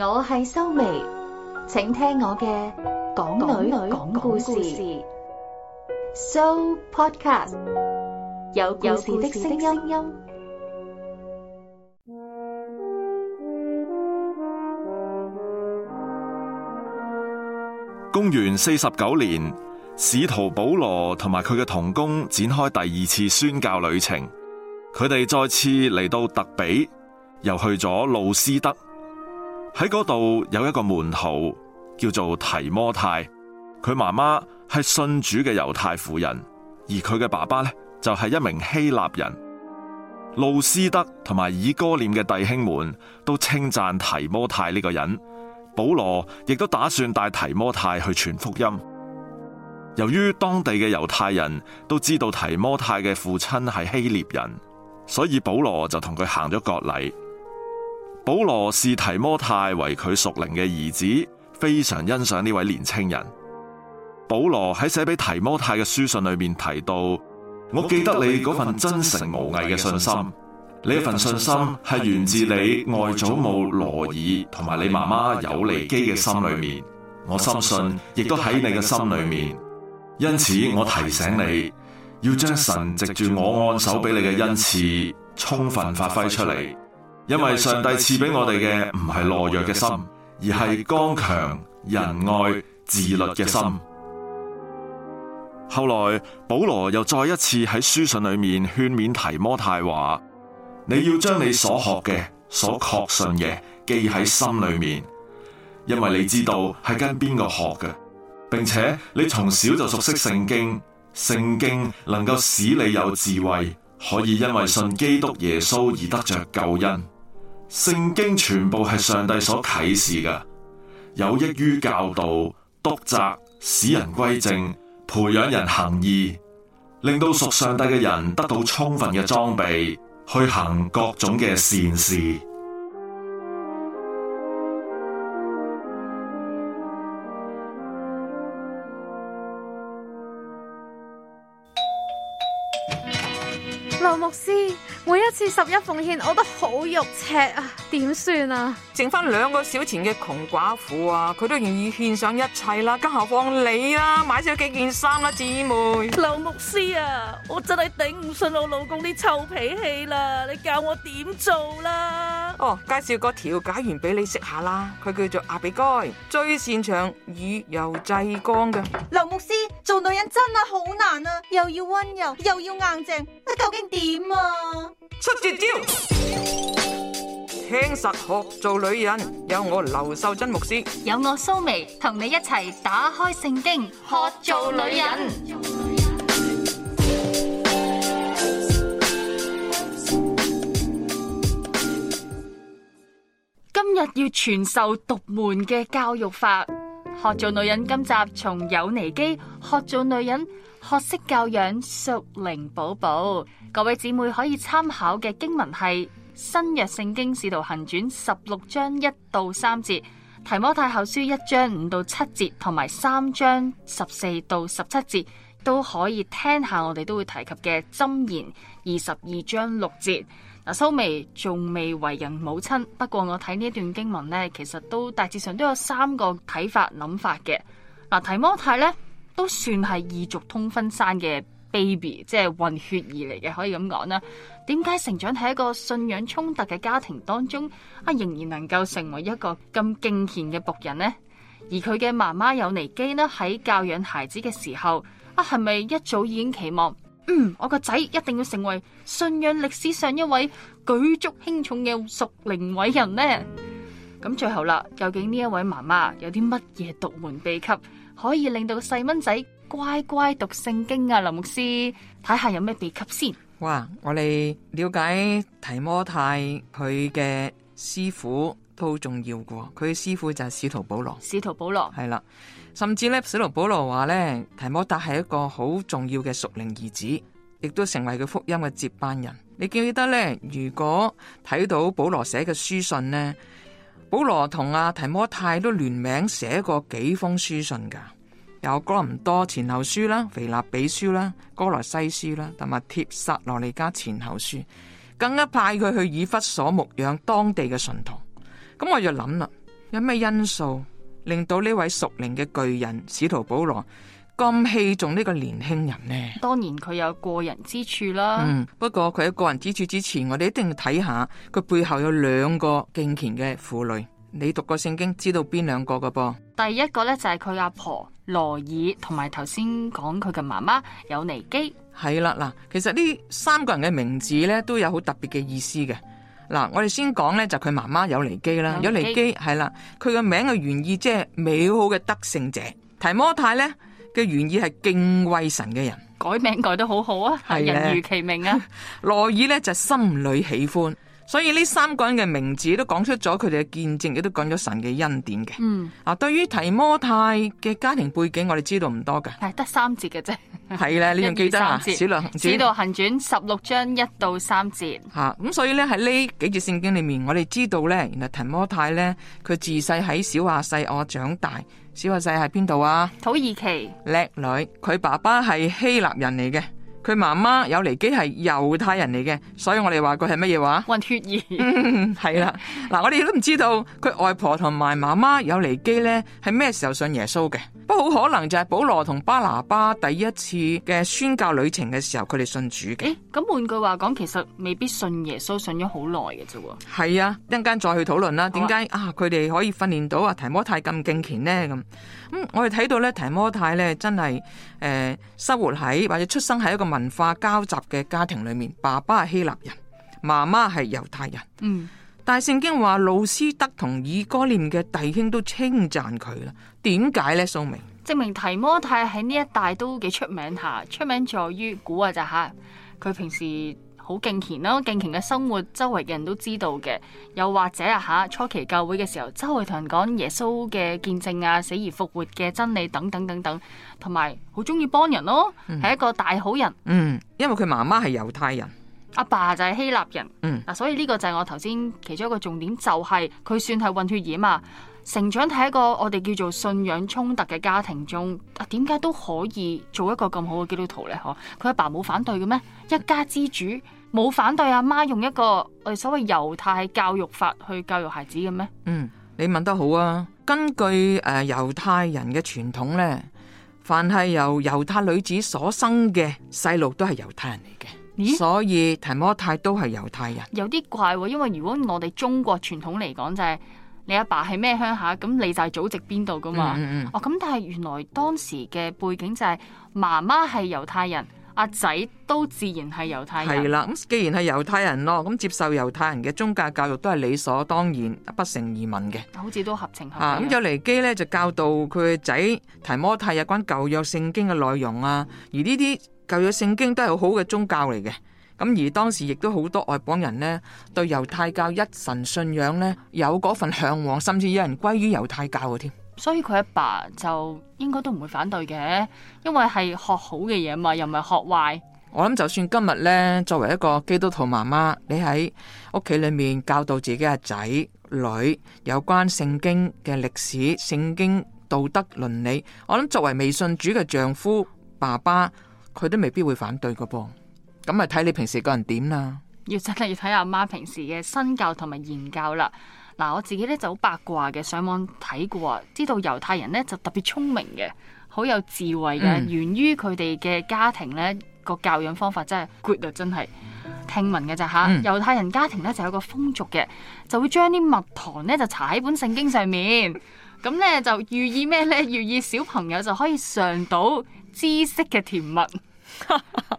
我係修眉，請聽我嘅港女女講故事，So Podcast 有故事的聲音音。公元四十九年，使徒保羅同埋佢嘅同工展開第二次宣教旅程，佢哋再次嚟到特比，又去咗路斯德。喺嗰度有一個門徒叫做提摩太，佢媽媽係信主嘅猶太婦人，而佢嘅爸爸咧就係一名希臘人。路斯德同埋以哥念嘅弟兄們都稱讚提摩太呢個人，保羅亦都打算帶提摩太去傳福音。由於當地嘅猶太人都知道提摩太嘅父親係希臘人，所以保羅就同佢行咗割禮。保羅視提摩太為佢屬靈嘅兒子，非常欣賞呢位年青人。保羅喺寫俾提摩太嘅書信裏面提到：，我記得你嗰份真誠無偽嘅信心，你一份,份信心係源自你外祖母羅以同埋你媽媽有利基嘅心裏面，我深信亦都喺你嘅心裏面。因此，我提醒你，要將神藉住我按手俾你嘅恩賜充分發揮出嚟。因為上帝賜俾我哋嘅唔係懦弱嘅心，而係剛強、仁愛、自律嘅心。後來保羅又再一次喺書信裏面勸勉提摩太話：你要將你所學嘅、所確信嘅記喺心裏面，因為你知道係跟邊個學嘅，並且你從小就熟悉聖經，聖經能夠使你有智慧，可以因為信基督耶穌而得着救恩。聖經全部係上帝所啟示嘅，有益於教導、督責、使人歸正、培養人行義，令到屬上帝嘅人得到充分嘅裝備，去行各種嘅善事。牧師，每一次十一奉獻我都好肉赤啊，點算啊？剩翻兩個小錢嘅窮寡婦啊，佢都願意獻上一切啦，更何況你啦，買咗幾件衫啦，姊妹。劉牧師啊，我真係頂唔順我老公啲臭脾氣啦，你教我點做啦？哦，介紹個調解員俾你識下啦，佢叫做阿比該，最擅長以柔制剛嘅。劉牧師，做女人真係好難啊，又要溫柔，又要硬淨，你究竟點啊？出絕招，聽實學做女人，有我劉秀珍牧師，有我蘇眉，同你一齊打開聖經學做女人。今日要傳授獨門嘅教育法。學做女人今集從友尼基學做女人學識教養屬靈寶寶。各位姊妹可以參考嘅經文係新約聖經使徒行傳十六章一到三節，提摩太後書一章五到七節，同埋三章十四到十七節都可以聽一下。我哋都會提及嘅箴言二十二章六節。嗱，蘇眉仲未為人母親，不過我睇呢一段經文呢，其實都大致上都有三個睇法諗法嘅。嗱，提摩太呢，都算係異族通婚生嘅 baby，即係混血兒嚟嘅，可以咁講啦。點解成長喺一個信仰衝突嘅家庭當中，啊仍然能夠成為一個咁敬虔嘅僕人呢？而佢嘅媽媽友尼基呢，喺教養孩子嘅時候，啊係咪一早已經期望？嗯，我個仔一定要成為信仰歷史上一位舉足輕重嘅屬靈偉人呢。咁最後啦，究竟呢一位媽媽有啲乜嘢獨門秘笈，可以令到細蚊仔乖乖讀聖經啊？林牧師，睇下有咩秘笈先。哇，我哋了解提摩太佢嘅師傅。都很重要噶。佢嘅師傅就係使徒保羅，使徒保羅係啦。甚至咧，使徒保羅話咧，提摩太係一個好重要嘅屬靈兒子，亦都成為佢福音嘅接班人。你記得咧，如果睇到保羅寫嘅書信呢，保羅同阿提摩太都聯名寫過幾封書信噶，有哥林多前後書啦、腓立比書啦、哥羅西書啦，同埋帖撒羅尼加前後書，更加派佢去以弗所牧養當地嘅信徒。咁我就諗啦，有咩因素令到呢位熟齡嘅巨人使徒保羅咁器重呢個年輕人呢？當然佢有過人之處啦。嗯，不過佢有過人之處之前，我哋一定要睇下佢背後有兩個敬虔嘅婦女。你讀過聖經，知道邊兩個㗎噃？第一個呢，就係佢阿婆羅爾，同埋頭先講佢嘅媽媽有尼基。係啦，嗱，其實呢三個人嘅名字咧都有好特別嘅意思嘅。嗱，我哋先講咧就佢媽媽有尼基啦，有尼基係啦，佢個名嘅原意即係美好嘅得勝者，提摩太咧嘅原意係敬畏神嘅人，改名改得好好啊，係人如其名啊，羅爾咧就是心裏喜歡。所以呢三個人嘅名字都講出咗佢哋嘅見證，亦都講咗神嘅恩典嘅。嗯，嗱、啊，對於提摩太嘅家庭背景，我哋知道唔多嘅。係得三節嘅啫。係啦， 你仲記得啊。使徒行傳使徒行傳十六章一到三節。吓、啊，咁、嗯、所以咧喺呢幾節聖經裏面，我哋知道咧，原來提摩太咧，佢自細喺小亞細亞長大。小亞細亞喺邊度啊？土耳其。叻女，佢爸爸係希臘人嚟嘅。佢媽媽友尼基係猶太人嚟嘅，所以我哋話佢係乜嘢話混血兒、 嗯，係啦。嗱，我哋都唔知道佢外婆同埋媽媽友尼基呢係咩時候信耶穌嘅。不過好可能就係保羅同巴拿巴第一次嘅宣教旅程嘅時候，佢哋信主嘅。咁換、欸、句話講，其實未必信耶穌信咗好耐嘅啫。係啊，一陣間再去討論啦。點解啊？佢哋、啊、可以訓練到啊？提摩太咁敬虔呢？咁、嗯、咁，我哋睇到咧，提摩太咧真係誒、呃，生活喺或者出生喺一個文化交集嘅家庭裏面，爸爸係希臘人，媽媽係猶太人。嗯。大聖經話路斯德同以哥念嘅弟兄都稱讚佢啦，點解呢？蘇明證明提摩太喺呢一帶都幾出名下，出名在於古話就吓，佢平時好敬虔咯，敬虔嘅生活周圍嘅人都知道嘅，又或者啊吓初期教會嘅時候，周圍同人講耶穌嘅見證啊，死而復活嘅真理等等等等，同埋好中意幫人咯，係一個大好人。嗯，嗯，因為佢媽媽係猶太人。阿爸，爸就係希臘人，嗱、嗯，所以呢個就係我頭先其中一個重點，就係佢算係混血兒啊嘛。成長喺一個我哋叫做信仰衝突嘅家庭中，啊，點解都可以做一個咁好嘅基督徒呢？嗬，佢阿爸冇反對嘅咩？一家之主冇、嗯、反對阿媽用一個所謂猶太教育法去教育孩子嘅咩？嗯，你問得好啊。根據誒猶太人嘅傳統呢，凡係由猶太女子所生嘅細路都係猶太人嚟嘅。所以提摩太都係猶太人，有啲怪，因為如果我哋中國傳統嚟講就係、是、你阿爸係咩鄉下，咁你就係祖籍邊度噶嘛？嗯嗯哦，咁但係原來當時嘅背景就係媽媽係猶太人，阿仔都自然係猶太人。係啦，咁既然係猶太人咯，咁接受猶太人嘅宗教教育都係理所當然，不成疑問嘅。好似都合情合理。咁友尼基咧就教導佢嘅仔提摩太有關舊約聖經嘅內容啊，而呢啲。舊約聖經都係好好嘅宗教嚟嘅，咁而當時亦都好多外邦人呢，對猶太教一神信仰呢，有嗰份向往，甚至有人歸於猶太教嘅添。所以佢阿爸就應該都唔會反對嘅，因為係學好嘅嘢嘛，又唔係學壞。我諗就算今日呢，作為一個基督徒媽媽，你喺屋企裏面教導自己阿仔女有關聖經嘅歷史、聖經道德倫理，我諗作為未信主嘅丈夫爸爸。佢都未必會反對噶噃，咁咪睇你平時個人點啦。要真係要睇阿媽平時嘅身教同埋言教啦。嗱、啊，我自己咧就好八卦嘅，上網睇過啊，知道猶太人咧就特別聰明嘅，好有智慧嘅，嗯、源於佢哋嘅家庭咧個教養方法真係 good 真的的、就是、啊，真係聽聞嘅咋吓？猶太人家庭咧就有個風俗嘅，就會將啲蜜糖咧就搽喺本聖經上面，咁咧就寓意咩咧？寓意小朋友就可以嚐到。知識嘅甜蜜，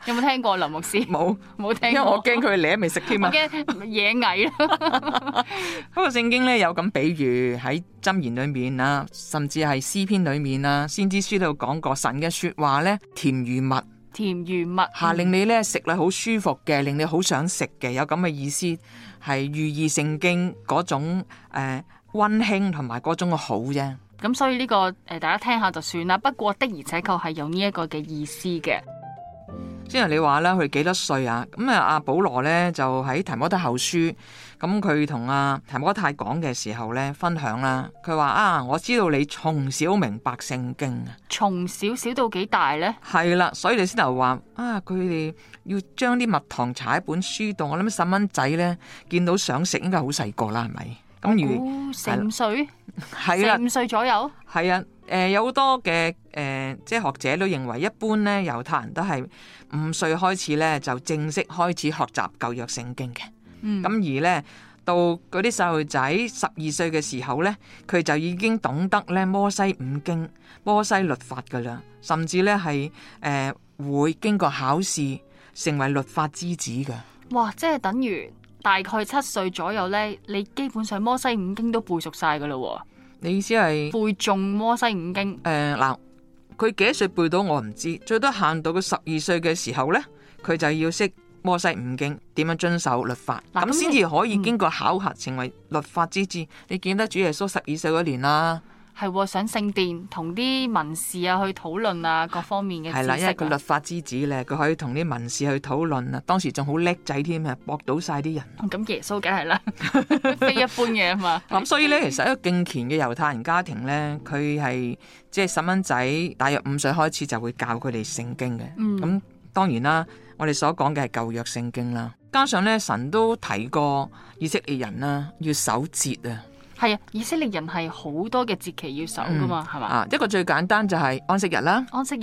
有冇聽過林牧師？冇沒，冇聽過。因為我驚佢舐未食添啊！驚 野蟻咯。 不過聖經咧有咁比喻，喺箴言裏面啊，甚至係詩篇裏面啊，先知書都有講過神嘅說話咧，甜如蜜，甜如蜜，下令你咧食咧好舒服嘅，令你好想食嘅，有咁嘅意思，係寓意聖經嗰種誒溫、呃、馨同埋嗰種好啫。咁所以呢個誒，大家聽下就算啦。不過的而且確係有呢一個嘅意思嘅。先頭你話咧，佢幾多歲啊？咁啊，阿保羅咧就喺提摩太後書，咁佢同阿提摩太講嘅時候咧，分享啦。佢話啊，我知道你從小明白聖經啊。從小小到幾大咧？係啦，所以你先頭話啊，佢哋要將啲蜜糖搽喺本書度，我諗細蚊仔咧見到想食應該好細個啦，係咪？咁而係啦，五歲 的左右，係啊，誒，有好多嘅誒，即係學者都認為，一般咧猶太人都係五歲開始咧就正式開始學習舊約聖經嘅。嗯，咁而咧到嗰啲細路仔十二歲嘅時候咧，佢就已經懂得咧摩西五經、摩西律法噶啦，甚至咧係誒會經過考試成為律法之子嘅。哇，即係等於。大概七歲左右呢，你基本上摩西五經都背熟晒噶啦。你意思係背誦摩西五經？誒、呃，嗱，佢幾歲背到我唔知，最多限到佢十二歲嘅時候呢，佢就要識摩西五經點樣遵守律法，咁先至可以經過考核成為律法之子。嗯、你見得主耶穌十二歲嗰年啦。係、哦、想聖殿同啲文士啊去討論啊各方面嘅知識。係啦，因為佢律法之子咧，佢可以同啲文士去討論啊。當時仲好叻仔添啊，博到晒啲人。咁、嗯嗯、耶穌梗係啦，非 一般嘢啊嘛。咁 所以咧，其實一個敬虔嘅猶太人家庭咧，佢係即係細蚊仔，大約五歲開始就會教佢哋聖經嘅。咁、嗯、當然啦，我哋所講嘅係舊約聖經啦。加上咧，神都提過以色列人啦，要守節啊。係啊，以色列人係好多嘅節期要守噶嘛，係嘛、嗯？是吧啊，一個最簡單就係安息日啦，安息日，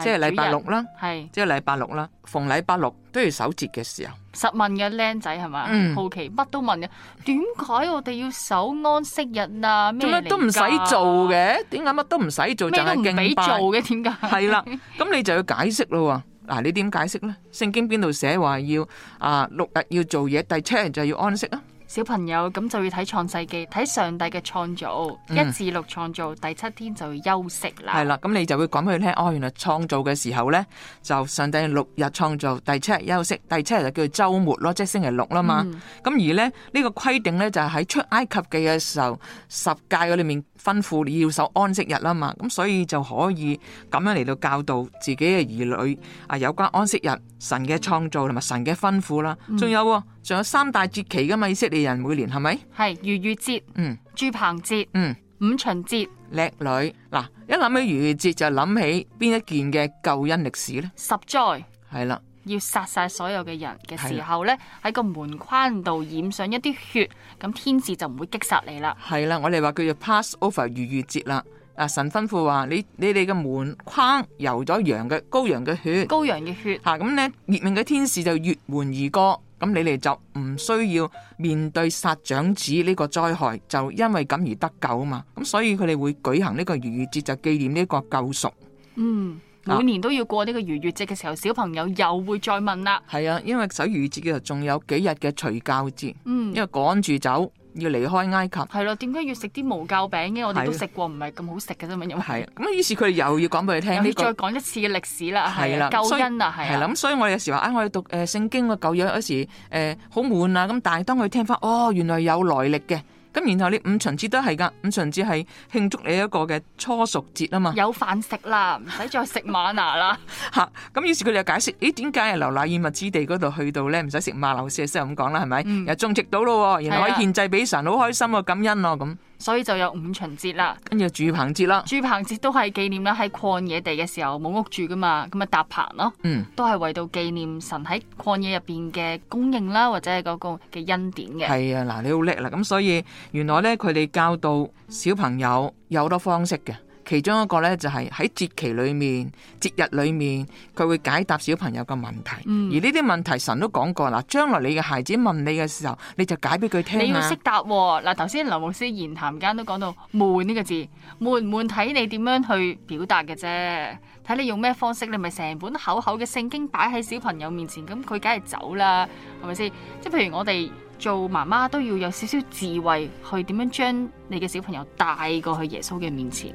即係禮拜六啦，係是，即係禮拜六啦，是逢禮拜六都要守節嘅時候。十問嘅僆仔係嘛？嗯、好奇乜都問嘅，點解我哋要守安息日啊？做乜都唔使做嘅，點解乜都唔使做就係敬拜？唔俾做嘅，點解？係 啦，咁你就要解釋咯。嗱，你點解釋咧？聖經邊度寫話要啊六日要做嘢，第七日就要安息啊？小朋友咁就要睇《創世記》，睇上帝嘅創造，一至六創造，第七天就要休息啦。係啦，咁你就會講佢聽，哦，原來創造嘅時候咧，就上帝六日創造，第七日休息，第七日就叫周末咯，即係星期六啦嘛。咁、嗯、而咧呢、這個規定咧就喺出埃及記嘅時候十戒嘅裏面。吩咐你要守安息日啦嘛，咁所以就可以咁樣嚟到教導自己嘅兒女啊，有關安息日、神嘅創造同埋神嘅吩咐啦。仲、嗯、有仲有三大節期噶嘛，以色列人每年係咪？係逾越節，節嗯，住棚節，嗯，五旬節，叻女。嗱，一諗起逾越節就諗起邊一件嘅救恩歷史咧？十災係啦。要殺晒所有嘅人嘅時候呢喺、啊、個門框度染上一啲血，咁天使就唔會擊殺你啦。係啦、啊，我哋話叫做 Passover 逾越節啦。啊，神吩咐話你你哋嘅門框流咗羊嘅羔羊嘅血，羔羊嘅血。吓咁、啊、呢，滅命嘅天使就越門而過，咁你哋就唔需要面對殺長子呢個災害，就因為咁而得救啊嘛。咁所以佢哋會舉行呢個逾越節，就紀念呢個救贖。嗯。每年都要過呢個逾越節嘅時候，小朋友又會再問啦。係啊，因為首逾越節嘅時候仲有幾日嘅除酵節，嗯，因為趕住走要離開埃及。係咯、啊，點解要食啲無酵餅嘅？因為我哋都食過，唔係咁好食嘅啫嘛。係咁於是佢、啊、哋、嗯啊、又要講俾你聽你再講一次嘅歷史啦，係啦、啊，是啊、救恩是啊，係啦。咁、啊、所以我有時話、哎，我哋讀誒聖經個舊約嗰時誒好悶啊，咁但係當我去聽翻，哦，原來有來歷嘅。咁然後你五旬節都係噶，五旬節係慶祝你一個嘅初熟節啊嘛，有飯食啦，唔使再食馬拿啦。吓、 啊，咁於是佢哋又解釋，咦、哎，點解喺流奶與蜜之地嗰度去到咧，唔使食馬流石石咁講啦，係咪？嗯、又種植到咯，然後可以獻祭俾神，好、啊、開心啊，感恩咯咁。所以就有五旬節啦，跟住住棚節啦。住棚節都係紀念啦，喺曠野地嘅時候冇屋住噶嘛，咁咪搭棚咯。嗯，都係為到紀念神喺曠野入邊嘅供應啦，或者係嗰個嘅恩典嘅。係啊，嗱，你好叻啦，咁所以原來咧佢哋教導小朋友有好多方式嘅。其中一個咧，就係、是、喺節期裏面、節日裏面，佢會解答小朋友嘅問題。嗯、而呢啲問題，神都講過喇。將來你嘅孩子問你嘅時候，你就解俾佢聽。你要識答嗱、啊。頭先、啊，劉牧師言談間都講到悶呢、這個字，悶唔悶睇你點樣去表達嘅啫，睇你用咩方式。你咪成本厚厚嘅聖經擺喺小朋友面前，咁佢梗係走啦，係咪先？即係譬如我哋做媽媽都要有少少智慧，去點樣將你嘅小朋友帶過去耶穌嘅面前。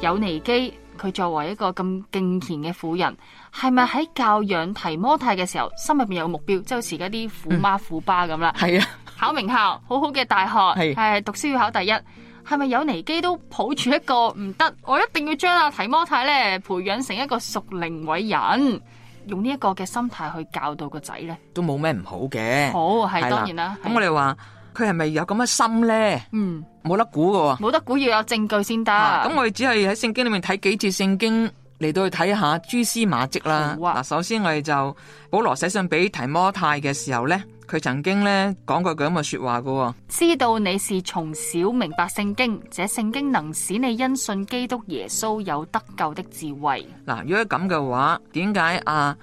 有尼基，佢作為一個咁敬虔嘅婦人，係咪喺教養提摩太嘅時候，心入邊有目標，即係好似而家啲虎媽虎爸咁啦？係啊，考名校，好好嘅大學，係讀書要考第一。係咪有尼基都抱住一個唔得，我一定要將阿提摩太咧，培養成一個屬靈偉人，用呢一個嘅心態去教導個仔咧？都冇咩唔好嘅，好係當然啦。咁我哋話。佢係咪有咁嘅心咧？嗯，冇得估嘅喎，冇得估，要有證據先得。咁、啊、我哋只係喺聖經裏面睇幾次聖經嚟到去睇下蛛絲馬跡啦。嗱、啊，首先我哋就保羅寫信俾提摩太嘅時候咧，佢曾經咧講過這句咁嘅說話嘅，知道你是從小明白聖經，這聖經能使你因信基督耶穌有得救的智慧。嗱、啊，如果咁嘅話，點解啊？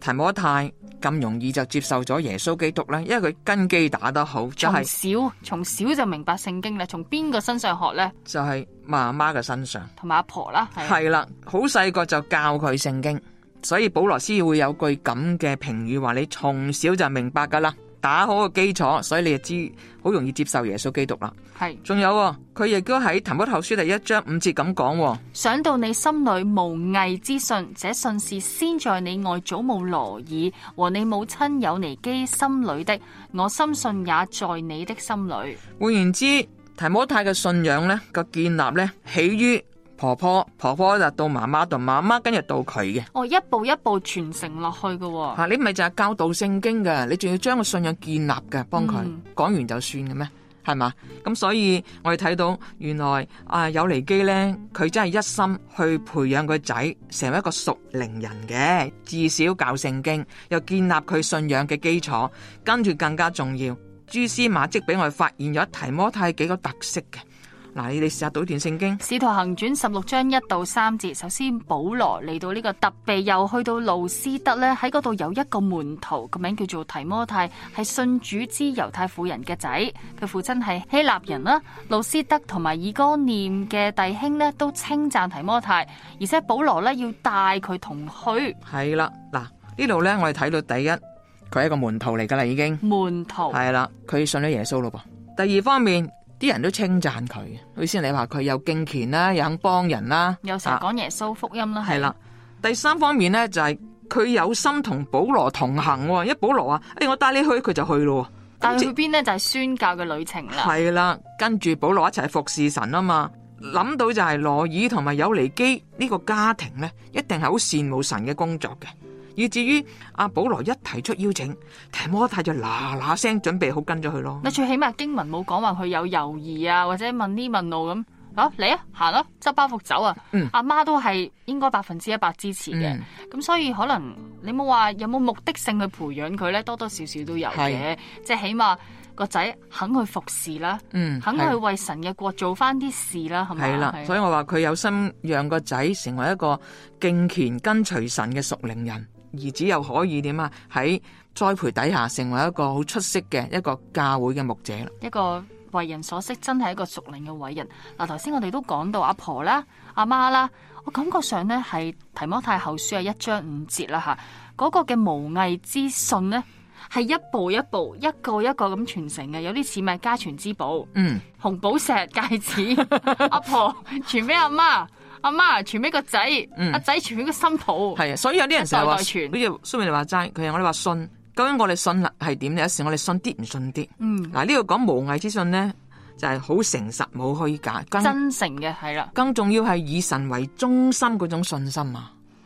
提摩太咁容易就接受咗耶穌基督呢？因為佢根基打得好，就係從小，從小就明白聖經咧，從邊個身上學呢？就係媽媽嘅身上，同埋阿婆啦，係啦，好細個就教佢聖經，所以保羅斯會有句咁嘅評語話：你從小就明白㗎啦。打好個基礎，所以你就知好容易接受耶穌基督啦。係是，仲有佢亦都喺《提摩太後書》第一章五節咁講，想到你心裏無偽之信，這信是先在你外祖母羅爾和你母親友尼基心裏的，我深信也在你的心裏。換言之，提摩太嘅信仰呢個建立呢，起於。婆婆婆婆就到媽媽，到媽媽跟住到佢嘅。哦，一步一步傳承落去嘅、哦。吓、啊，你唔係就係教導聖經嘅，你仲要將個信仰建立嘅，幫佢、嗯、講完就算嘅咩？係嘛？咁所以我哋睇到原來啊有尼基咧，佢真係一心去培養個仔成為一個屬靈人嘅，至少教聖經，又建立佢信仰嘅基礎，跟住更加重要，蛛絲馬迹俾我哋發現咗提摩太幾個特色嘅。嗱，你哋試下倒段聖經，使徒行傳十六章一到三節。首先，保羅嚟到呢個特庇，又去到路斯德咧，喺嗰度有一個門徒，個名叫做提摩太，係信主之猶太婦人嘅仔，佢父親係希臘人啦。路斯德同埋以哥念嘅弟兄咧，都稱讚提摩太，而且保羅咧要帶佢同去。係啦，嗱，呢度咧，我哋睇到第一，佢係一個門徒嚟噶啦，已經門徒係啦，佢信咗耶穌咯噃。第二方面。啲人都稱讚佢，佢先你話佢有敬虔啦，又肯幫人啦，有成講耶穌福音啦。係啦、啊，第三方面咧就係、是、佢有心同保羅同行，一保羅啊，誒、哎、我帶你去，佢就去咯。但係去邊咧就係、是、宣教嘅旅程啦。係啦，跟住保羅一齊服侍神啊嘛，諗到就係羅爾同埋友尼基呢個家庭咧，一定係好羨慕神嘅工作嘅。以至於阿保羅一提出邀請，提摩太就嗱嗱聲準備好跟咗佢咯。嗱，最起碼經文冇講話佢有猶豫啊，或者問呢問路咁。啊，嚟啊，行啦、啊，執包袱走啊。嗯、阿媽都係應該百分之一百支持嘅。咁、嗯、所以可能你冇話有冇目的性去培養佢咧，多多少少都有嘅。是即係起碼個仔肯去服侍啦，嗯、肯去為神嘅國做翻啲事啦，係咪的？係啦的，所以我話佢有心讓個仔成為一個敬虔跟隨神嘅屬靈人。兒子又可以點啊？喺栽培底下成為一個好出色嘅一個教會嘅牧者啦。一個為人所識，真係一個屬靈嘅偉人。嗱，頭先我哋都講到阿婆啦，阿媽啦，我感覺上咧係提摩太後書啊一章五節啦吓，嗰，嗰個嘅無藝之信咧係一步一步，一個一個咁傳承嘅，有啲似咪家傳之寶，嗯，紅寶石戒指， 阿婆傳俾阿媽。阿媽傳俾個仔，阿仔傳俾個新抱，係啊、嗯，所以有啲人成日話，好似蘇明你話齋，佢係我哋話信，究竟我哋信啦係點，有時我哋信啲唔信啲，嗯，嗱呢個講無偽之信咧，就係好誠實冇虛假，更真誠嘅係啦，更重要係以神為中心嗰種信心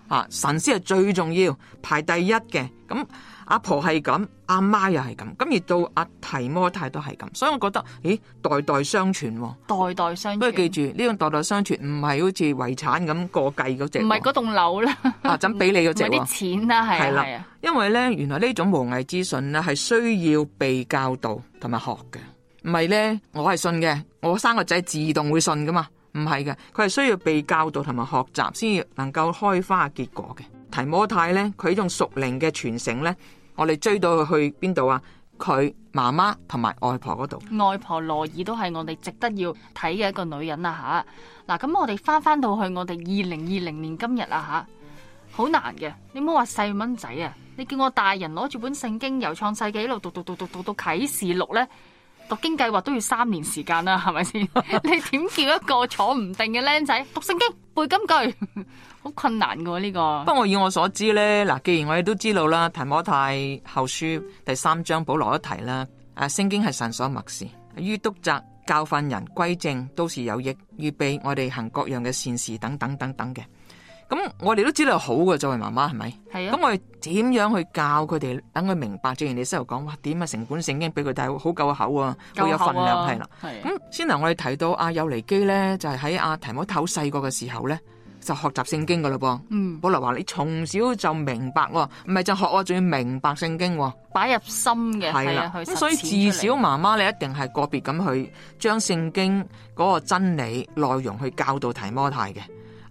啊，神先係最重要，排第一嘅咁阿婆係咁，阿媽又係咁，咁而到阿提摩太都係咁，所以我覺得，咦，代代相傳，代代相傳。不過記住呢種代代相傳唔係好似遺產咁過繼嗰隻，唔係嗰棟樓啦，啊，準俾你嗰隻喎。錢啦，係啊，係啦，因為咧，原來呢種無偽之信咧，係需要被教導同埋學嘅，唔係咧，我係信嘅，我生個仔自動會信噶嘛，唔係嘅，佢係需要被教導同埋學習先至能夠開花結果嘅。提摩太咧，佢用屬靈嘅傳承咧。我哋追到去邊度啊？佢媽媽同埋外婆嗰度，外婆羅爾都係我哋值得要睇嘅一個女人啊！吓，嗱咁我哋翻翻到去我哋二零二零年今日啊！吓，好難嘅，你唔好話細蚊仔啊，你叫我大人攞住本聖經由創世紀一路讀讀讀讀讀到啟示錄咧。讀經計劃都要三年時間啦，係咪先？ 你點叫一個坐唔定嘅僆仔讀聖經背金句，好 困難噶呢、啊呢個。不過以我所知呢。嗱，既然我哋都知道啦，《提摩太後書》第三章保羅一提啦，誒，聖經係神所默示，於督責、教訓人歸正都是有益，預備我哋行各樣嘅善事，等等等等嘅。咁我哋都知道好嘅，作為媽媽係咪？係啊。咁我哋點樣去教佢哋，等佢明白？正如你先頭講，哇，點啊，成本聖經俾佢睇好夠口啊，好、啊、有份量係啦。係咁的先頭我哋提到阿、啊、有尼基咧，就係喺阿提摩頭細個嘅時候咧，就學習聖經噶啦噃。嗯。保羅話你從小就明白喎、哦，唔係就學我，仲要明白聖經喎、哦，擺入心嘅係啦。咁所以至少媽媽你一定係個別咁去將聖經嗰個真理內容去教導提摩太嘅。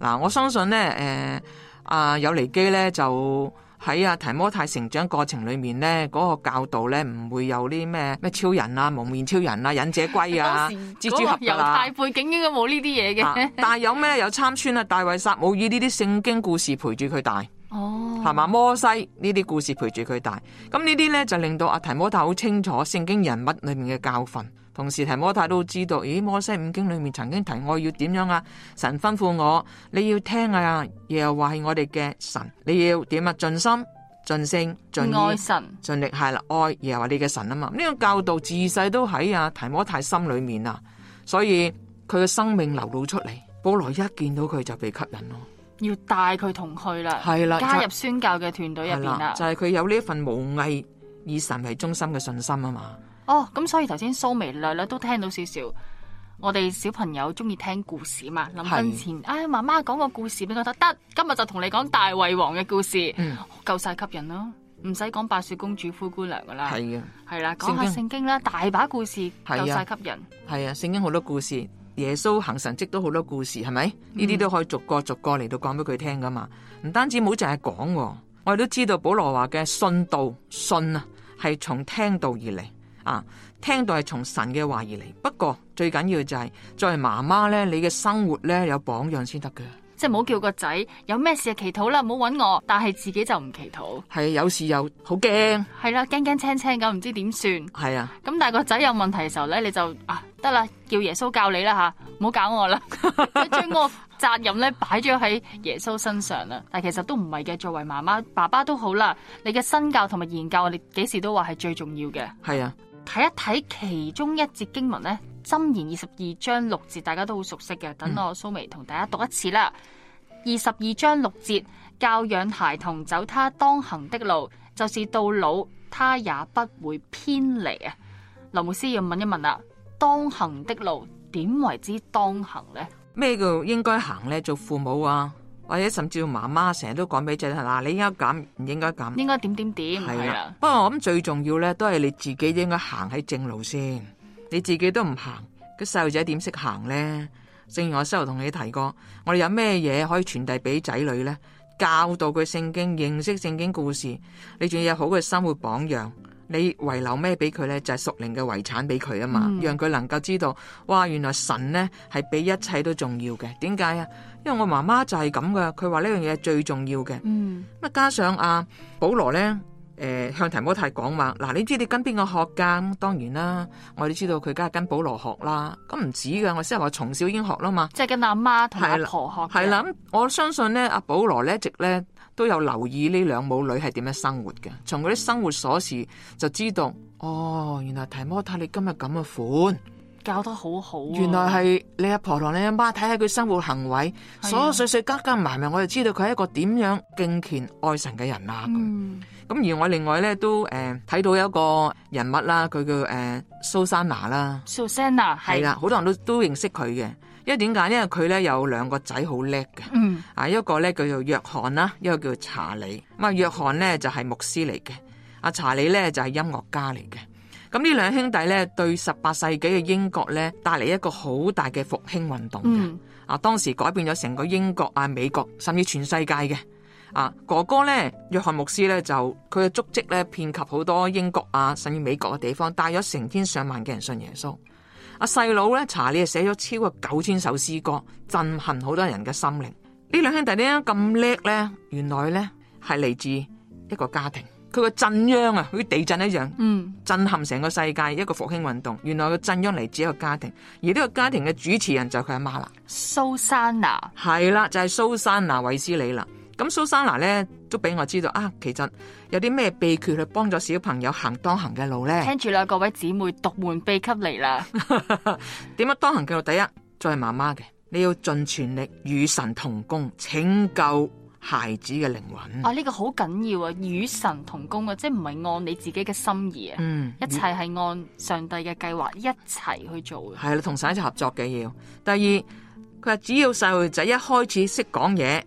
嗱，我相信咧，誒、呃、啊有嚟基咧，就喺啊提摩太成長過程裏面咧，嗰、那個教導咧唔會有啲咩咩超人啊、蒙面超人啊、忍者龜啊、蜘蛛俠啊，猶太背景應該冇呢啲嘢嘅。 但係有咩有參孫啊、大衛、撒母耳呢啲聖經故事陪住佢大，係嘛、哦？摩西呢啲故事陪住佢大，咁呢啲咧就令到阿提摩太好清楚聖經人物裏面嘅教訓。同時提摩太都知道，咦、哎、摩西五經裏面曾經提我要點樣啊？神吩咐我，你要聽啊！又話係我哋嘅神，你要點啊？盡心、盡性、盡愛神、盡力係啦，愛又話你嘅神啊嘛！呢、這、種、個、教導自細都喺阿提摩太心裏面啊，所以佢嘅生命流露出嚟，保羅一見到佢就被吸引咯，要帶佢同去啦，係啦的，加入宣教嘅團隊入邊啦，就係、是、佢有呢一份無偽以神為中心嘅信心啊嘛！哦，咁所以頭先蘇眉略略都聽到少少，我哋小朋友中意聽故事嘛。臨瞓前，唉是、哎，媽媽講個故事，俾我得得今日就同你講大衛王嘅故事，嗯、夠晒吸引咯，唔使講白雪公主灰姑娘噶啦，係嘅係啦，講下聖經啦，經大把故事的夠晒吸引，係啊，聖經好多故事，耶穌行神蹟都好多故事，係咪？呢啲都可以逐個逐個嚟到講俾佢聽噶嘛。唔、嗯、單止冇淨係講，我哋都知道保羅話嘅信道信啊，係從聽道而嚟。啊，聽到係從神嘅話而嚟。不過最緊要就係作為媽媽咧，你嘅生活咧有榜樣先得㗎。即係唔好叫個仔有咩事就祈禱啦，唔好揾我，但係自己就唔祈禱。係啊，有事又好驚。係啦，驚驚青青咁，唔知點算。係啊的。咁但係個仔有問題嘅時候咧，你就啊得啦，叫耶穌教你啦吓，唔好搞我啦，將 個 責任咧擺咗喺耶穌身上啦。但係其實都唔係嘅，作為媽媽、爸爸都好啦，你嘅身教同埋言教，你幾時都話係最重要嘅。係啊。睇一睇其中一節經文呢，《箴言》二十二章六節，大家都好熟悉嘅。等我蘇眉同大家讀一次啦。二十二章六節，教養孩童，走他當行的路，就是到老他也不會偏離啊。劉牧師要問一問啦：當行的路點為之當行呢？咩叫應該行咧？做父母啊？或者甚至乎媽媽成日都講俾仔，嗱、啊、你應該噉，唔應該噉，應該點點點係啊！的的不過我諗最重要咧，都係你自己應該行喺正路先。你自己都唔行，個細路仔點識行咧？正如我細路同你提過，我哋有咩嘢可以傳遞俾仔女咧？教導佢聖經，認識聖經故事，你仲要有好嘅生活榜樣。你遺留咩俾佢咧？就係、是、屬靈嘅遺產俾佢啊嘛，嗯、讓佢能夠知道，哇！原來神咧係比一切都重要嘅。點解啊？因為我媽媽就係咁噶，佢話呢樣嘢最重要嘅。咁啊、嗯、加上阿、啊、保羅咧，誒、呃、向提摩太講話，嗱，你知你跟邊個學噶咁當然啦，我哋知道佢梗係跟保羅學啦。咁唔止噶，我先係話從小已經學啦嘛。即係跟阿媽同阿婆學的。係啦。咁我相信咧，阿保羅咧，一直咧都有留意呢兩母女係點樣生活嘅，從嗰啲生活瑣事就知道。哦，原來提摩太你今日咁嘅款。教得好好，啊，原來係你阿婆同你阿媽，睇下佢生活行為，的所有碎碎加加埋埋，我就知道佢係一個點樣敬虔愛神嘅人啦。咁、嗯、而我另外咧都誒睇、呃、到有一個人物啦，佢叫誒蘇、呃、珊娜啦。蘇珊娜係啦，好的的多人都都認識佢嘅，因為點解？因為佢咧有兩個仔好叻嘅，啊、嗯、一個咧叫做約翰啦，一個叫查理。咁啊約翰咧就係、是、牧師嚟嘅，阿查理咧就係、是、音樂家嚟嘅。咁呢兩兄弟咧，對十八世紀嘅英國咧，帶嚟一個好大嘅復興運動。啊、嗯，當時改變咗成個英國啊，美國甚至全世界嘅。啊，哥哥咧，約翰牧師咧，就佢嘅足跡咧，遍及好多英國啊，甚至美國嘅地方，帶咗成千上萬嘅人信耶穌。阿細佬咧，查理係寫咗超過九千首詩歌，震撼好多人嘅心靈。呢兩兄弟點解咁叻咧？原來咧係嚟自一個家庭。佢個震央啊，好似地震一樣，嗯、震撼成個世界。一個復興運動，原來個震央嚟自一個家庭，而呢個家庭嘅主持人就係佢阿媽啦，蘇珊娜。係啦，就係、是、蘇珊娜衛斯理啦。咁蘇珊娜咧都俾我知道啊，其實有啲咩秘訣去幫助小朋友行當行嘅路咧？聽住啦，各位姊妹，獨門秘笈嚟啦！點樣， 當行嘅路第一，再係媽媽嘅，你要盡全力與神同工，拯救。孩子嘅靈魂啊，呢、這個好緊要啊，與神同工啊，即係唔係按你自己嘅心意啊，嗯、一切係按上帝嘅計劃一齊去做嘅。係啦、嗯，同神一齊合作嘅要。第二，佢話只要細路仔一開始識講嘢。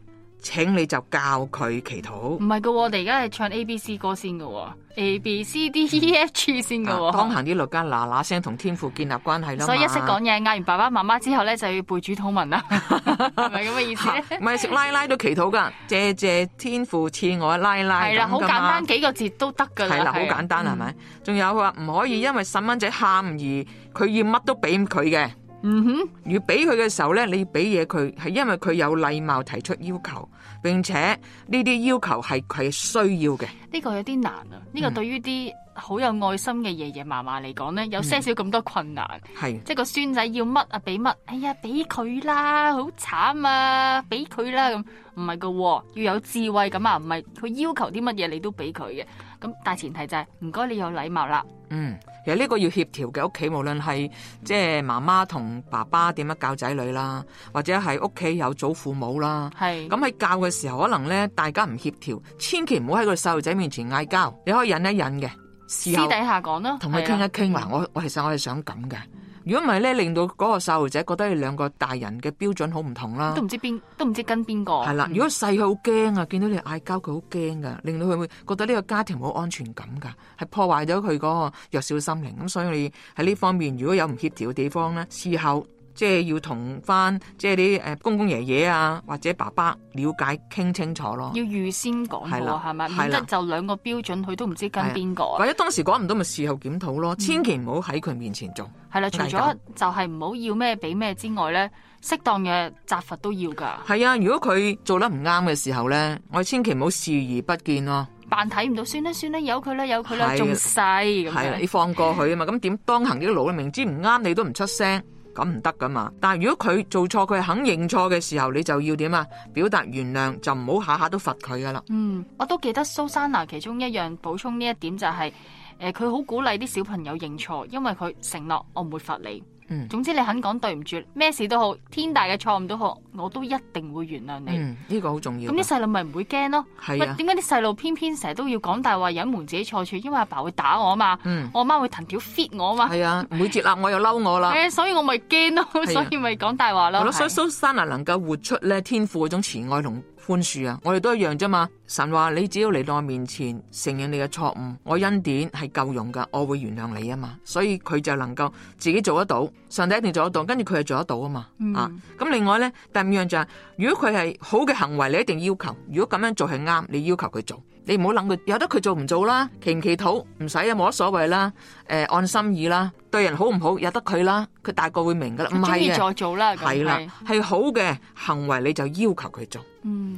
請你就教佢祈禱，唔係嘅，我哋而家係唱 A B C 歌先嘅，A B C D E F G 先嘅，當行啲老人家嗱嗱聲同天父建立關係啦。所以一識講嘢，嗌完爸爸媽媽之後咧，就要背主禱文啦，係咪咁嘅意思？唔係食奶奶都祈禱嘅，謝謝天父賜我奶奶。係啦，好簡單幾個字都得嘅啦，係啦，好簡單係咪？仲有佢話唔可以因為細蚊仔喊而佢要乜都俾佢嘅，嗯哼，要俾佢嘅時候咧，你要俾嘢佢係因為佢有禮貌提出要求。並且呢啲要求係佢需要嘅，呢個有啲難啊！呢、嗯、個對於啲好有愛心嘅爺爺嫲嫲嚟講咧，有些少咁多困難，係、嗯、即係個孫仔要乜啊俾乜，哎呀俾佢啦，好慘啊，俾佢啦咁，唔係噶，要有智慧咁啊，唔係佢要求啲乜嘢你都俾佢嘅，咁大前提就係唔該你有禮貌啦。嗯。其實呢個要協調嘅，屋企無論係即係媽媽同爸爸點樣教仔女啦，或者係屋企有祖父母啦，咁喺是教嘅時候可能咧大家唔協調，千祈唔好喺個細路仔面前嗌交，你可以忍一忍嘅，私下私底下講啦，同佢傾一傾嗱的，我我其實我係想咁嘅。如果唔係咧，令到嗰個細路仔覺得你兩個大人嘅標準好唔同啦。都唔知邊，都唔知跟邊個。係啦，如果細佢好驚啊，見到你嗌交佢好驚噶，令到佢會覺得呢個家庭冇安全感噶，係破壞咗佢嗰個弱小心靈。咁所以你喺呢方面，如果有唔協調嘅地方咧，事後。即係要同翻，即係啲誒公公爺爺啊，或者爸爸了解傾清楚咯。要預先講喎，係咪？唔得就兩個標準，佢都唔知跟邊個。或者當時講唔到，咪事後檢討咯。千祈唔好喺佢面前做。係啦，除咗就係唔好要咩俾咩之外咧，適當嘅責罰都要噶。係啊，如果佢做得唔啱嘅時候咧，我哋千祈唔好視而不見咯。扮睇唔到，算啦算啦，有佢啦，有佢啦，仲細咁。係你放過佢啊嘛？咁點當行嘅路啊？明知唔啱你都唔出聲。咁唔得噶嘛，但係如果佢做錯佢肯認錯嘅時候，你就要點啊？表達原諒就唔好下下都罰佢噶啦。嗯，我都記得蘇珊娜其中一樣補充呢一點就係、是，誒、呃，佢好鼓勵啲小朋友認錯，因為佢承諾我唔會罰你。嗯、總之你肯講對唔住，咩事都好，天大嘅錯誤都好，我都一定會原諒你。呢、嗯這個好重要。咁啲細路咪唔會驚咯。係點解啲細路偏偏成日都要講大話，隱瞞自己錯處？因為阿爸，爸會打我啊嘛，嗯、我阿媽會藤條 fit 我啊嘛。係啊，唔會接納我又嬲我啦。所以我咪驚咯，所以咪講大話咯。好啦，所以 Susanna 能夠活出咧天賦嗰種慈愛同寬恕啊！我哋都一樣啫嘛。神話你，只要嚟到我面前承認你嘅錯誤，我恩典係夠用噶我會原諒你啊嘛。所以佢就能夠自己做得到，上帝一定做得到，跟住佢係做得到啊嘛。嗯、啊，咁另外咧第五樣就係、是，如果佢係好嘅行為，你一定要求。如果咁樣做係啱，你要求佢做。你唔好諗佢有得佢做唔做啦，祈唔祈禱、唔使啊，冇所謂啦，誒、呃、按心意啦，對人好唔好有得佢啦，佢大個會明噶啦，唔係再做啦，係啦，係好嘅行為你就要求佢做。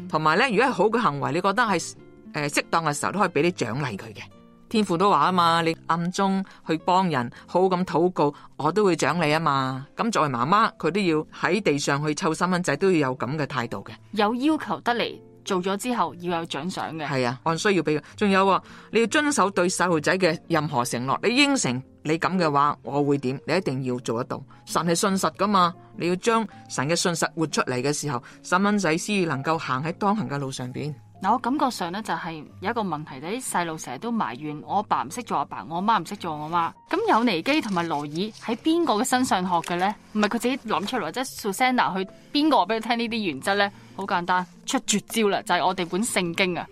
同埋咧，如果係好嘅行為，你覺得係誒適當嘅時候都可以俾啲獎勵佢嘅。天父都話啊嘛，你暗中去幫人，好咁禱告，我都會獎勵啊嘛。咁作為媽媽，佢都要喺地上去湊細蚊仔，都要有咁嘅態度嘅，有要求得嚟。做咗之後要有獎賞嘅，係啊，按需要俾佢。仲有啊，你要遵守對細路仔嘅任何承諾，你應承你咁嘅話，我會點？你一定要做得到。神係信實噶嘛，你要將神嘅信實活出嚟嘅時候，細蚊仔先能夠行喺當行嘅路上邊。嗱，我感覺上咧就係有一個問題，啲細路成日都埋怨我阿爸唔識做阿爸，我阿媽唔識做我媽。咁有尼基同埋羅爾喺邊個嘅身上學嘅咧？唔係佢自己諗出嚟，即係 Susanna，去邊個俾佢聽呢啲原則咧？好簡單，出絕招啦，就係、是、我哋本聖經啊，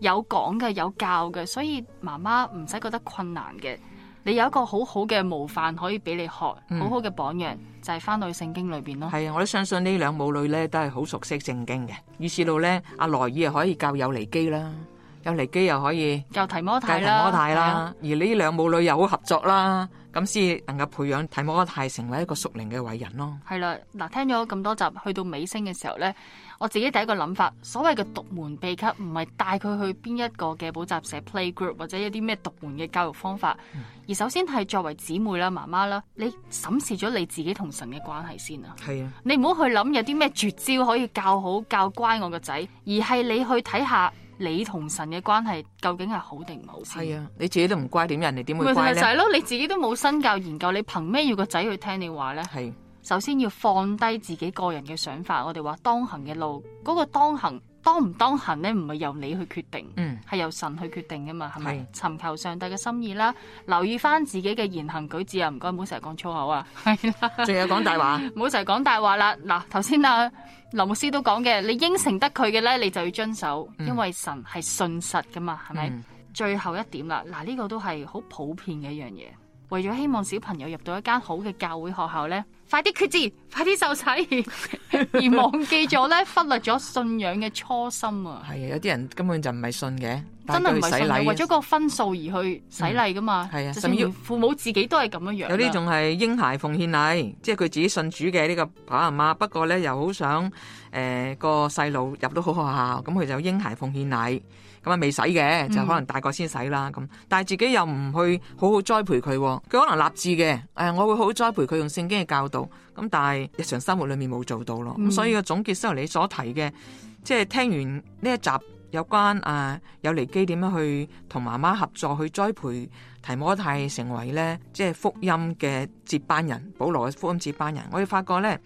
有講嘅，有教嘅，所以媽媽唔使覺得困難嘅。你有一個很好好嘅模範可以俾你學，嗯、很好好嘅榜樣就係、是、翻到去聖經裏邊咯。係啊，我都相信呢兩母女咧都係好熟悉聖經嘅。於是到咧，阿萊爾又可以教友尼基啦，友尼基又可以教提摩太啦，而呢兩母女又好合作啦，咁先能夠培養提摩太成為一個屬靈嘅偉人咯。係啦，嗱，聽咗咁多集，去到尾聲嘅時候咧。我自己第一個諗法，所謂嘅獨門秘笈，唔係帶佢去邊一個嘅補習社、playgroup 或者一啲咩獨門嘅教育方法，嗯、而首先係作為姊妹啦、媽媽啦，你審視咗你自己同神嘅關係先啊。係啊，你唔好去諗有啲咩絕招可以教好教乖我個仔，而係你去睇下你同神嘅關係究竟係好定唔好先。係啊，你自己都唔乖，點人哋點會乖咧？咪就係、是、咯，你自己都冇身教研究，你憑咩要個仔去聽你話咧？係。首先要放低自己個人嘅想法，我哋話當行嘅路，嗰、嗰個當行當唔當行咧，唔係由你去決定，係、嗯、由神去決定噶嘛，係咪？是尋求上帝嘅心意啦，留意翻自己嘅言行舉止啊！唔該，唔好成日講粗口啊，係啦，淨係講大話，唔好成日講大話啦。嗱，頭先啊，林牧師都講嘅，你應承得佢嘅咧，你就要遵守，因為神係信實噶嘛，係咪？嗯、最後一點啦，嗱呢、呢個都係好普遍嘅一樣嘢，為咗希望小朋友入到一間好嘅教會學校咧。快啲決志，快啲受洗，而忘記咗咧，忽略咗信仰嘅初心啊！係啊，有啲人根本就唔係信嘅，真係唔係信，為咗個分數而去洗禮噶嘛。係啊、嗯，甚至父母自己都係咁樣樣。有啲仲係嬰孩奉獻禮，即係佢自己信主嘅呢、這個爸阿媽，不過咧又好想誒、呃、個細路入到好學校，咁佢就嬰孩奉獻禮。咁啊，未使嘅，就可能大個先使啦。咁、嗯，但係自己又唔去好好栽培佢，佢可能立志嘅。誒、哎，我會好好栽培佢，用聖經嘅教導。咁，但係日常生活裏面冇做到咯。咁、嗯，所以個總結收你所提嘅，即、就、係、是、聽完呢一集有關、啊、友尼基點樣去同媽媽合作去栽培提摩太成為咧，即、就、係、是、福音嘅接班人，保羅嘅福音接班人。我會發覺咧，誒、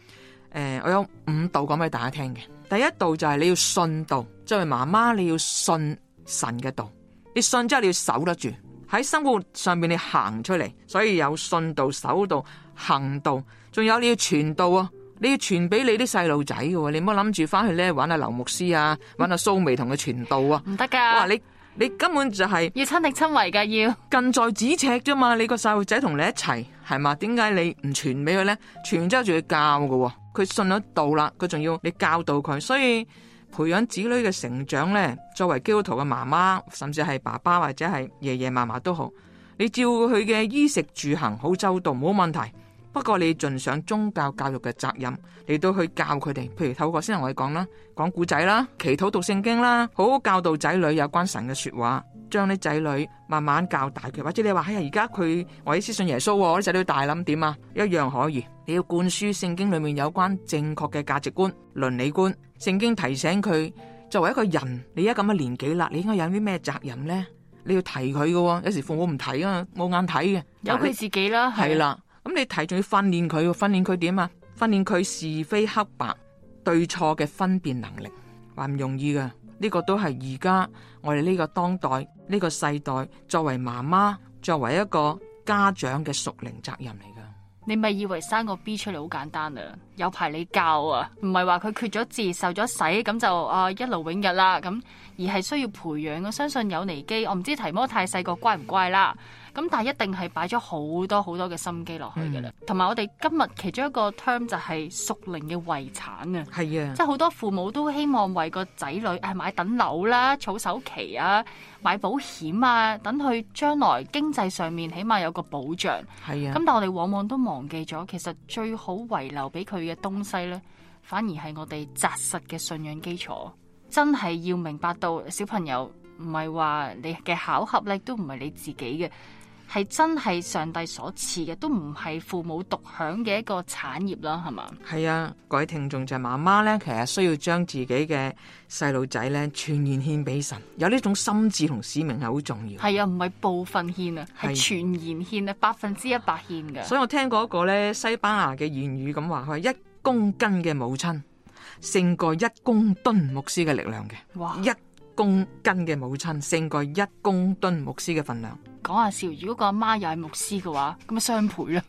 呃，我有五道講俾大家聽嘅。第一道就係你要信道，作為媽媽你要信。神嘅道，你信之後你要守得住，喺生活上邊你行出嚟，所以有信道、守道、行道，仲有你要傳道啊！你要傳俾你啲細路仔嘅，你唔好諗住翻去咧玩下劉牧師啊，玩阿蘇眉同佢傳道啊，唔得噶！哇，你你根本就係要親力親為噶，要近在咫尺啫嘛！你個細路仔同你一齊係嘛？點解你唔傳俾佢咧？傳之後仲要教嘅，佢信咗道啦，佢仲要你教導佢，所以。培養子女嘅成長呢，作為基督徒嘅媽媽，甚至是爸爸或者是爺爺嫲嫲都好，你照顧佢嘅衣食住行好周到冇問題。不過你盡上宗教教育嘅責任，你都去教佢哋，譬如透過先頭我哋講啦，講故仔啦，祈禱讀聖經啦，好好教導仔女有關神嘅說話。將啲仔女慢慢教大佢，或者你話哎呀，而家佢話啲私信耶穌，我啲仔女大諗點啊？一樣可以，你要灌輸聖經裏面有關正確嘅價值觀、倫理觀。聖經提醒佢，作為一個人，你而家咁嘅年紀啦，你應該有啲咩責任咧？你要提佢嘅，有時父母唔睇啊，冇眼睇嘅，由佢自己啦。係啦你，咁你提仲要訓練佢，訓練佢點啊？訓練佢是非黑白對錯嘅分辨能力，話唔容易噶。呢個都係而家我哋呢個當代呢個世代，作為媽媽，作為一個家長嘅屬靈責任嚟噶。你咪以為生個 B 出嚟好簡單啊？有排你教啊，唔係話佢缺咗字受咗洗咁就啊一勞永逸啦。咁而係需要培養，我相信有尼基，我唔知提摩太細個乖唔乖啦。咁但係一定係擺咗好多好多嘅心機落去嘅啦，同埋、嗯、我哋今日其中一個 term 就係屬靈嘅遺產啊，係是啊，即係好多父母都希望為個仔女誒買等樓啦、儲首期啊、買保險啊，等佢將來經濟上面起碼有個保障，係是啊。咁但我哋往往都忘記咗，其實最好遺留俾佢嘅東西咧，反而係我哋扎實嘅信仰基礎，真係要明白到小朋友唔係話你嘅巧合力都唔係你自己嘅。係真係上帝所賜嘅，都唔係父母獨享嘅一個產業啦，係嘛？係啊，各位聽眾就係媽媽咧，其實需要將自己嘅細路仔咧全然獻俾神，有呢種心智同使命係好重要。係啊，唔係部分獻，是獻是啊，係全然獻啊，百分之一百獻噶。所以我聽過一個咧西班牙嘅諺語咁話，佢係一公斤嘅母親勝過一公噸牧師嘅力量嘅。哇！一公斤嘅母親勝過一公噸牧師嘅份量。講下笑，如果個阿媽又係牧師嘅話，咁咪雙倍啊，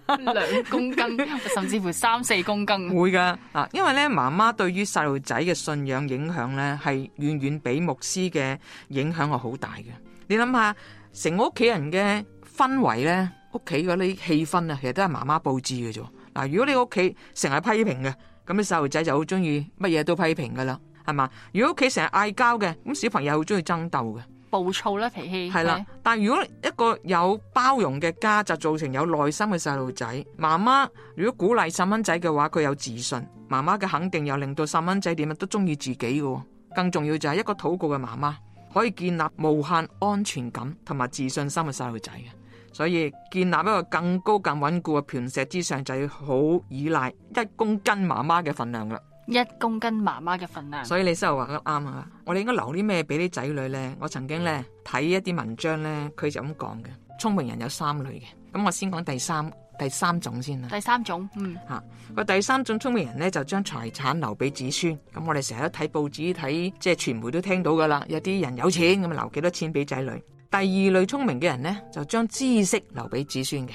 兩公斤甚至乎三四公斤。會噶，啊，因為咧，媽媽對於細路仔嘅信仰影響咧，係遠遠比牧師嘅影響係好大嘅。你諗下，成個屋企人嘅氛圍咧，屋企嗰啲氣氛啊，其實都係媽媽佈置嘅啫。嗱，如果你屋企成日批評嘅，咁啲細路仔就好中意乜嘢都批評噶啦，係嘛？如果屋企成日嗌交嘅，咁小朋友好中意爭鬥嘅。暴躁啦，脾氣係啦。的的但係如果一個有包容嘅家，就造成有耐心嘅細路仔。媽媽如果鼓勵細蚊仔嘅話，佢有自信。媽媽嘅肯定又令到細蚊仔點樣都中意自己嘅。更重要就係一個禱告嘅媽媽，可以建立無限安全感同埋自信心嘅細路仔嘅。所以建立一個更高更穩固嘅磐石之上，就要好依賴一公斤媽媽嘅份量啦。一公斤媽媽嘅份量，所以你先係話得啱啊！我哋應該留啲咩俾啲仔女咧？我曾經咧睇一啲文章咧，佢就咁講嘅。聰明人有三類嘅，咁我先講第三第三種先啦。第三種，嗯，吓個、啊、第三種聰明人咧，就將財產留俾子孫。咁我哋成日都睇報紙睇，即係傳媒都聽到噶啦，有啲人有錢咁留幾多錢俾仔女。第二類聰明嘅人咧，就將知識留俾子孫嘅。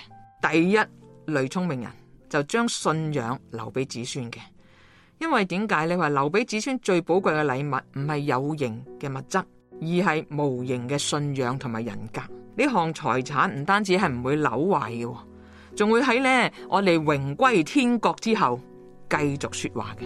第一類聰明人就將信仰留俾子孫嘅。因為點解你話留俾子孫最寶貴嘅禮物唔係有形嘅物質，而係無形嘅信仰同埋人格？呢項財產唔單止係唔會朽壞嘅，仲會喺呢我哋榮歸天國之後繼續說話嘅。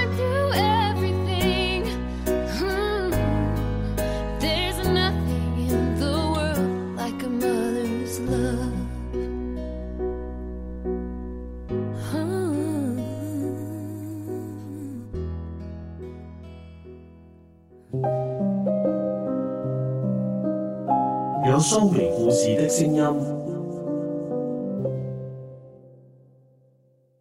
收聽故事的聲音。